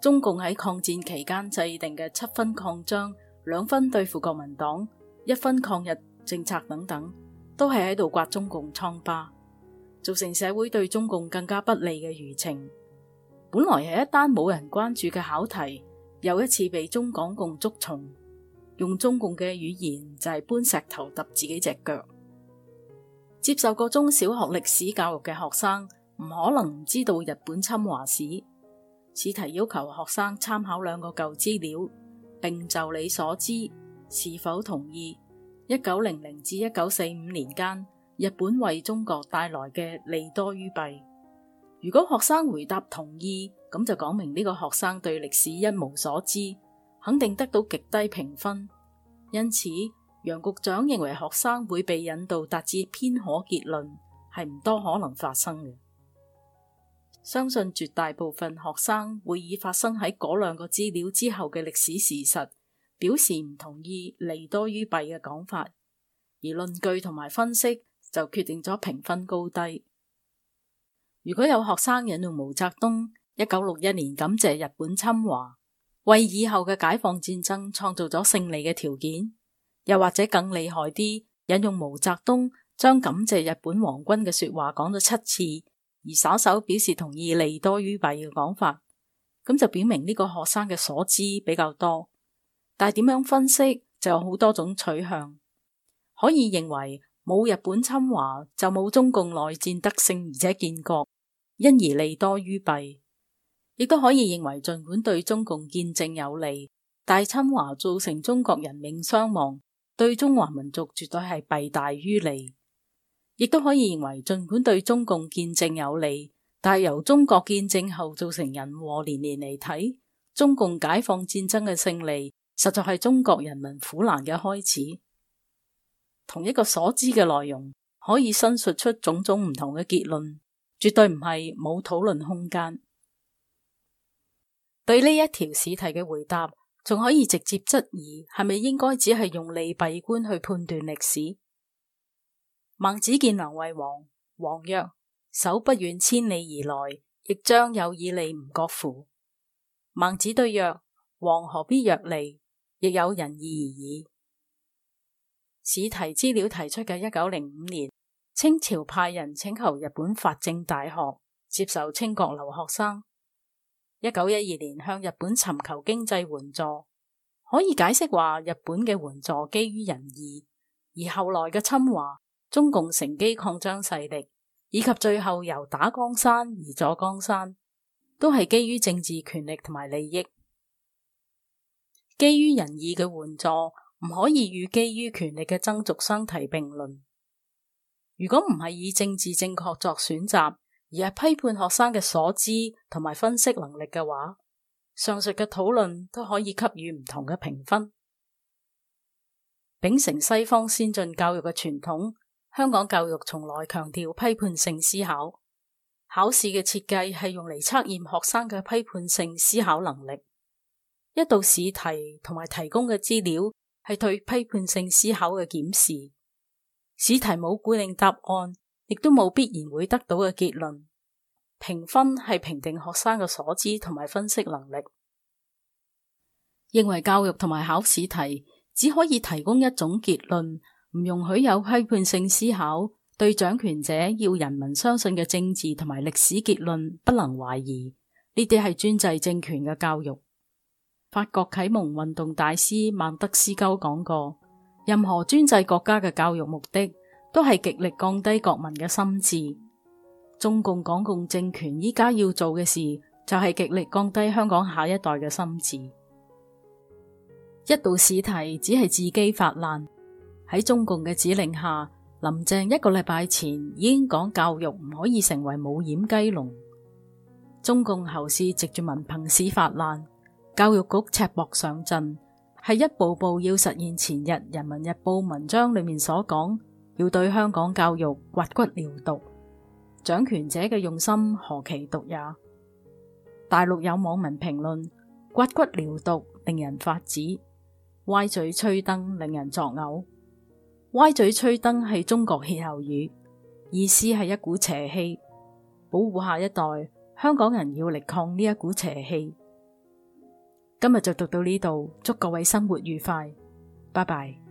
中共喺抗戰期間制定嘅七分擴張，兩分對付國民黨，一分抗日政策等等，都係喺度刮中共瘡疤，造成社會對中共更加不利嘅輿情。本來係一單冇人關注嘅考題，又一次被中港共捉蟲，用中共嘅語言就係搬石頭揼自己隻腳。接受過中小學歷史教育嘅學生唔可能唔知道日本侵華史。此題要求學生參考兩個舊資料，並就你所知，是否同意一九零零至一九四五年間，日本為中國帶來嘅利多於弊？如果學生回答同意，咁就講明呢個學生對歷史一無所知，肯定得到極低評分。因此，楊局長認為學生會被引導達至偏頗結論，係唔多可能發生嘅。相信絕大部分學生會以發生喺嗰兩個資料之後嘅歷史事實表示唔同意利多於弊嘅講法，而論據同埋分析就決定咗評分高低。如果有學生引用毛澤東一九六一年感謝日本侵華，為以後嘅解放戰爭創造咗勝利嘅條件，又或者更厲害啲引用毛澤東將感謝日本皇軍嘅說話講咗七次。而稍稍表示同意利多於弊嘅講法，咁就表明呢個學生嘅所知比較多。但係點樣分析就有好多種取向，可以認為冇日本侵華就冇中共內戰得勝而且建國，因而利多於弊，亦都可以認為盡管對中共建政有利，但係侵華造成中國人命傷亡，對中華民族絕對係弊大於利。亦都可以認為，儘管對中共建政有利，但係由中國建政後造成人禍連連嚟睇，中共解放戰爭嘅勝利實在係中國人民苦難嘅開始。同一個所知嘅內容，可以申述出種種唔同嘅結論，絕對唔係冇討論空間。對呢一條試題嘅回答，仲可以直接質疑係咪應該只係用利弊觀去判斷歷史。孟子見梁惠王，王曰：手不遠千里而來，亦將有以利吾國乎？孟子對曰：王何必曰利？亦有仁義而已。試題資料提出嘅一九零五年，清朝派人請求日本法政大學接受清國留學生；一九一二年向日本尋求經濟援助，可以解釋話日本嘅援助基於仁義，而後來嘅侵華。中共乘機擴張勢力，以及最後由打江山而坐江山，都係基於政治權力同埋利益。基於仁義嘅援助唔可以與基於權力嘅爭逐相提並論。如果唔係以政治正確作選擇，而係批判學生嘅所知同埋分析能力嘅話，上述嘅討論都可以給予唔同嘅評分。秉承西方先進教育嘅傳統。香港教育從來強調批判性思考，考試嘅設計係用嚟測驗學生嘅批判性思考能力。一道試題同埋提供嘅資料係對批判性思考嘅檢視。試題冇固定答案，亦都冇必然會得到嘅結論。評分係評定學生嘅所知同埋分析能力。認為教育同埋考試題只可以提供一種結論，唔容許有批判性思考，對掌權者要人民相信嘅政治同埋歷史結論不能懷疑，呢啲係專制政權嘅教育。法國啟蒙運動大師孟德斯鳩講過：任何專制國家嘅教育目的都係極力降低國民嘅心智。中共港共政權依家要做嘅事就係極力降低香港下一代嘅心智。一道試題只係自己發爛。喺中共嘅指令下，林鄭一個禮拜前已經講教育唔可以成為冇掩雞籠。中共喉舌藉住文憑試發難，教育局赤膊上陣，係一步步要實現前日《人民日報》文章裏面所講，要對香港教育刮骨療毒。掌權者嘅用心何其毒也！大陸有網民評論：刮骨療毒令人發指，歪嘴吹燈令人作嘔。歪嘴吹燈係中國歇後語，意思係一股邪氣。保護下一代，香港人要力抗呢一股邪氣。今日就讀到呢度，祝各位生活愉快，拜拜。